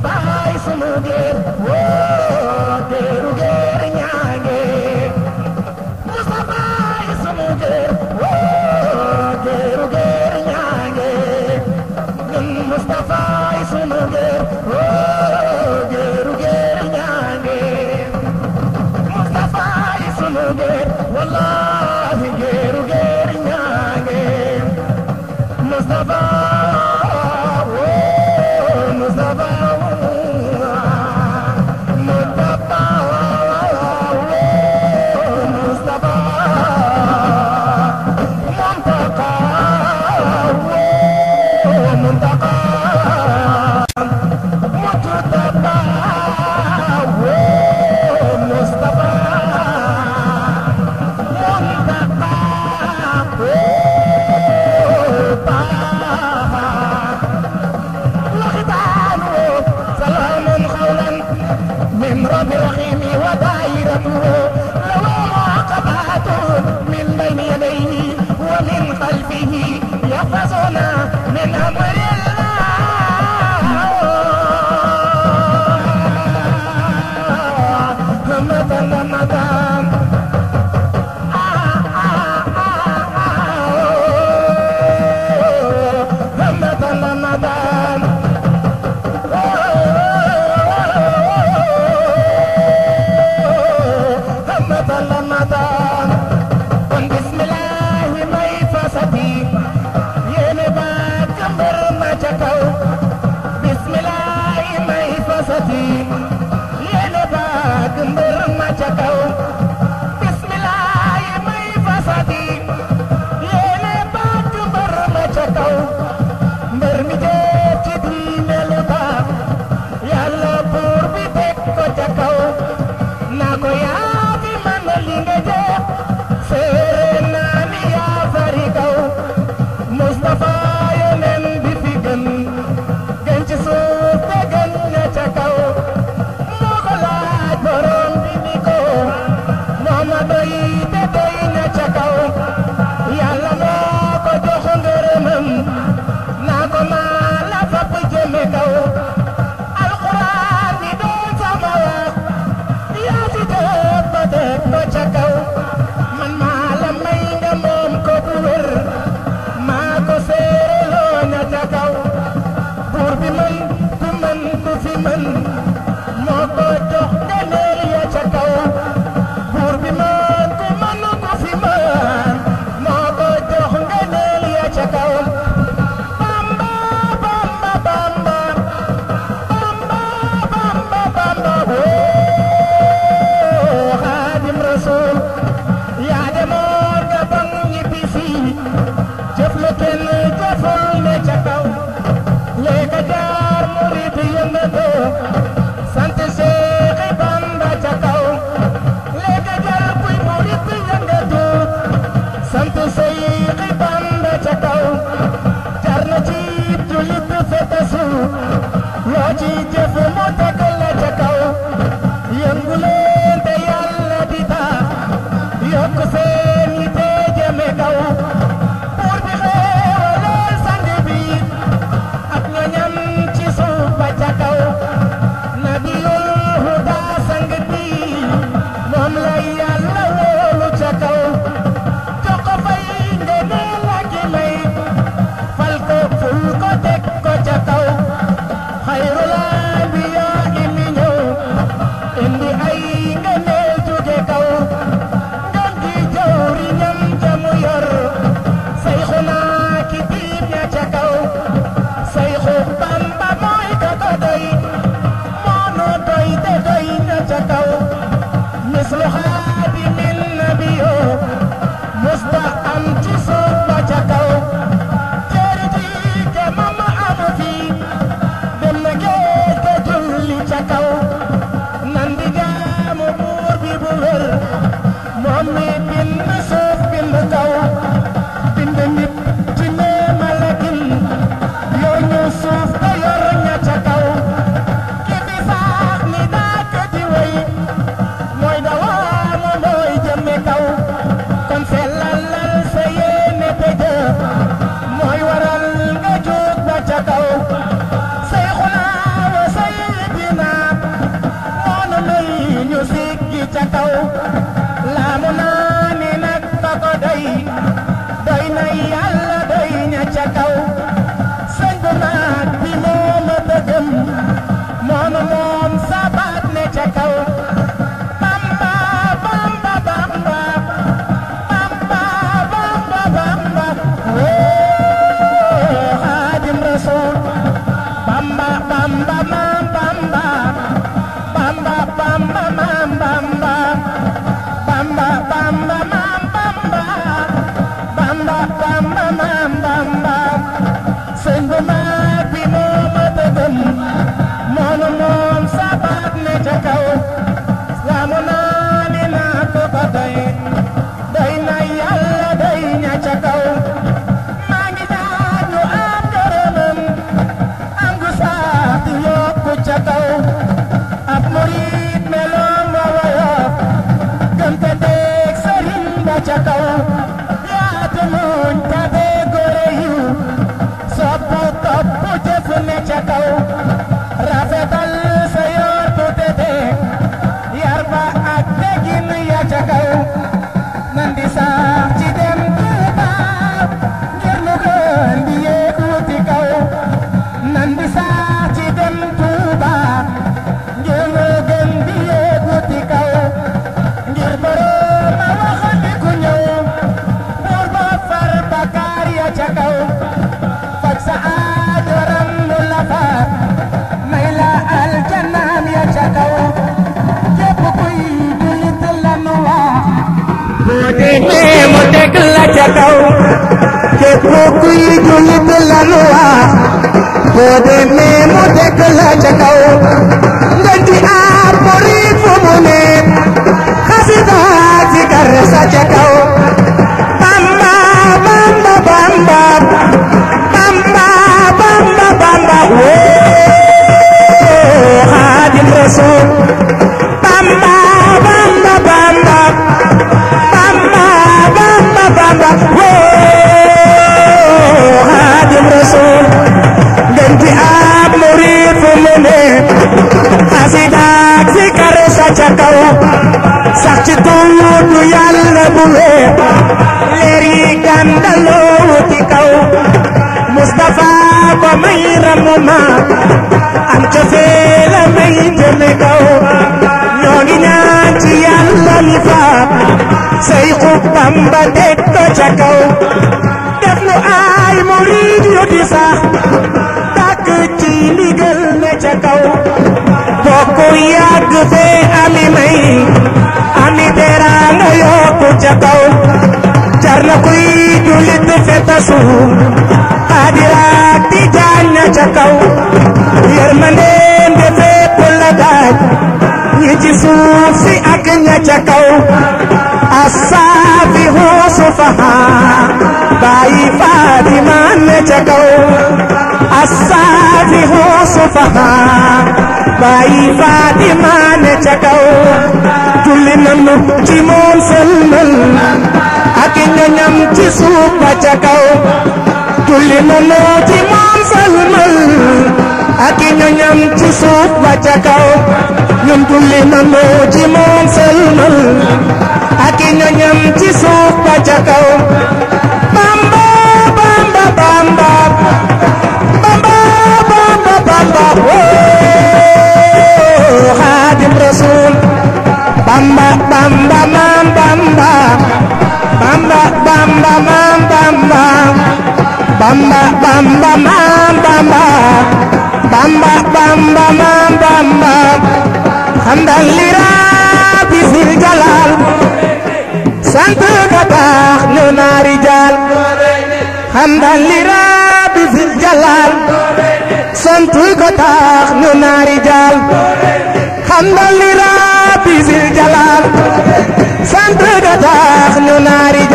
Bye, is 们。Yeah, the सां जॻाओ तंबा बम्बा बांबा बम्बा बां الباب سيقوب بامبا ديتو جاكو دفلو اي مريد يدفع تاك تيلي قلنا جاكو بوكو ياك في امي مي امي تيران يوكو جاكو جرنكوي جلد فتسو قادرات تجان جاكو يرمنين دفع كل دات सूफ़ अखादी हो सुफ़ाई पाई पी मान चको तुलिन मुसलम अकमच सूप चकऊ तुलिनो जी मौसल ak i ci suuf ba ca ñun julli nanu ci moom sëlmal ak i ñoñam ci suuf ba ca xamdal li rabbi sil jalal sant nga baax ne naa rijaal xamdal li rabbi sil jalal sant nga baax ne naa rijaal xamdal li rabbi sil jalal sant nga baax ne naa rijaal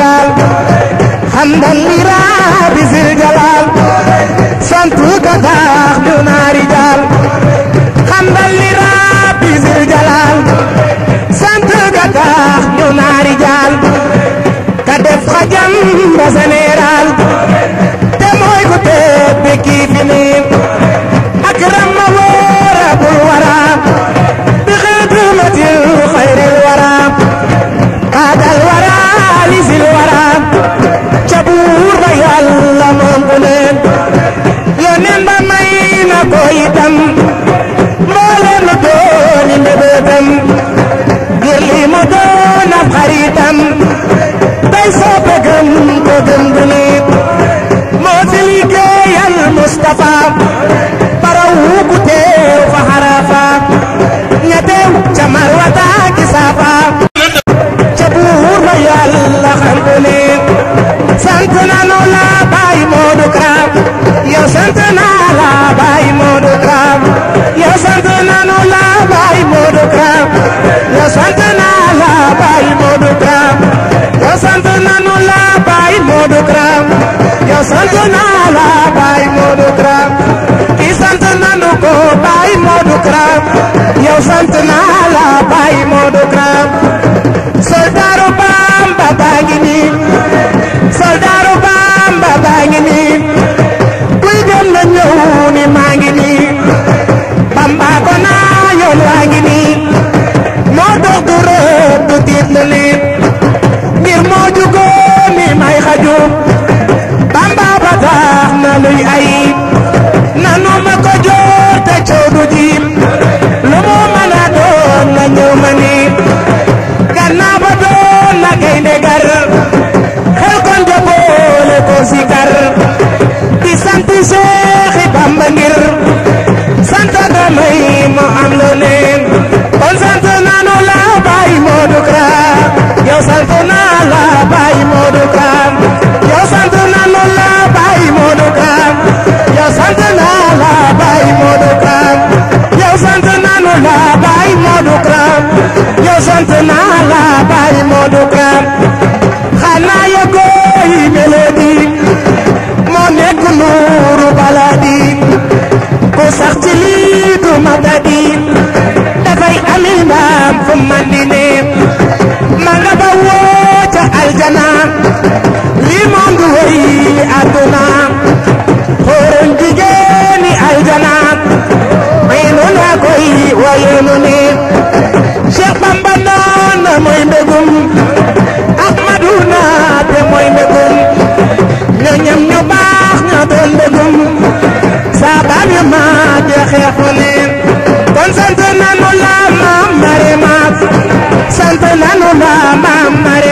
hace tàmbali sant nanu la Baye Modou la Baye Modou Kram sant nanu la Baye Modou Yo yow sant naa la Baye Modou Kram sant la sant ki ko Baye Modou Yo sant fu man di ma nga bawoo ca aljana li moom du wëy àdduna xóorum jigéeni aljana may nu naa koy waye nu ne Cheikh Bamba naan na mooy mbégum Ahmadu naa te mooy mbégum ñoñam ñu baax ñoo doon mbégum saa baam maa ja xeexu leen kon sant nanu laa kanu my mamare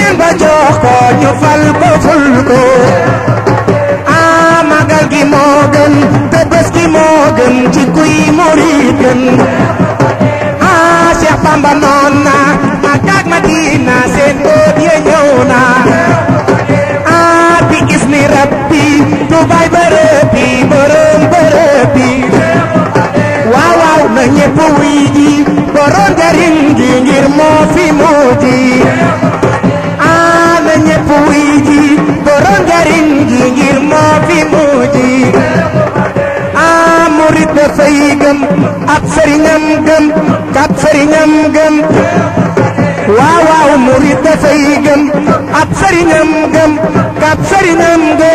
nen ba jox ñu fal ko ful ko a magal gi moo gën gi moo ci kuy murid gën a Cheikh Bamba na Makka ak Madina seen bët ya ñëw na a bi gis ni rabbi Tuubaa bërëb bi borom waaw waaw na ñëpp wuy ji borom gi ngir moo fi moo gëm ab sëriñam gëm kab sëriñam gëm waaw waaw murid dafay gëm ab sëriñam gëm kab sëriñam gëm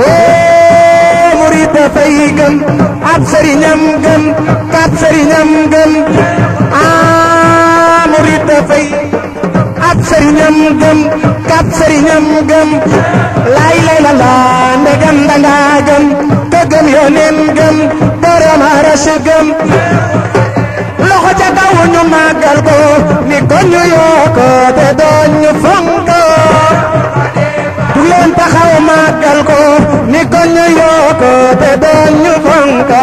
woo murid dafay gëm ab sëriñam gëm kab sëriñam gëm aa murid dafay ab sëriñam gëm kab sëriñam gëm laay lay la laa ndegam dangaa gëm te gëm yooneen gëm Amara Sëgëm loxo ca kaw ñu màggal ko ni ko ñu yokko te doon ñu fonko jug leen taxaw màggal ko ni ko ñu yokko te doon ñu fonko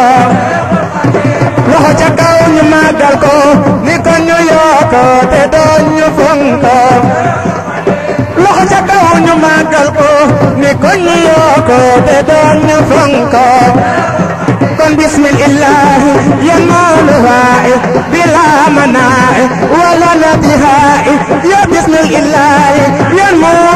loxo ca kaw ñu màggal ko ni ko ñu yokko te doon ñu fonko loxo ca kaw ñu màggal ko ni ko ñu yokko te doon ñu fonko من بسم الله ينال هائي بلا مناع ولا نبهاء يا بسم الله يا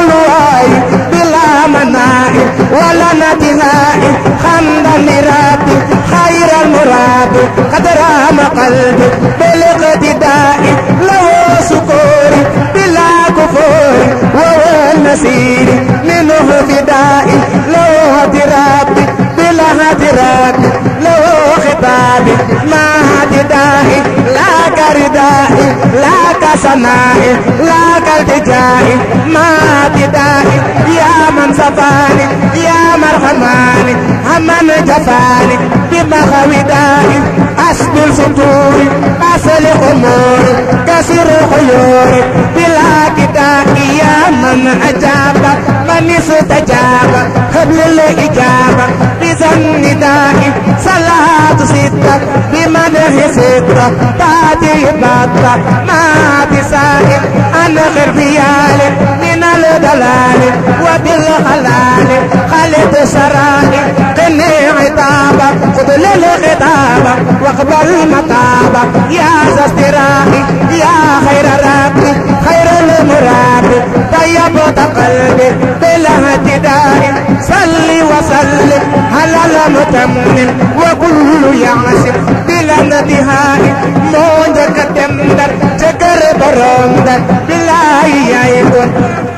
هائي بلا مناع ولا نبهاء حمدا مرابي خير المرابي قد رام قلبي بالاقتداء له سكوري بلا كفور وهو النسير منه فدائي له اعترابي بلا اعترابي بابي ما هدداه لا كرداه لا كسناه لا كالتجاه ما هدداه يا من صفاني يا مرحماني همن جفاني بمخوي أسبل ستوري أسل أموري كسر خيوري بلا يا من أجابك من استجاب قبل الإجابة بزن داهي صلاة ستة بمدح ستة تاتي بطة ما تسائل أنا غير خيالي من الدلال وبالحلال خلد سرائي قني عطابة قبل الخطابة واقبل المطابة يا زسترائي يا خير ربي التراب طيبت قلبي بالاهتداء صل وسلم على المتمم وكل يعصم بلا انتهاء موجك تمدر جكر برمدر بالله يكون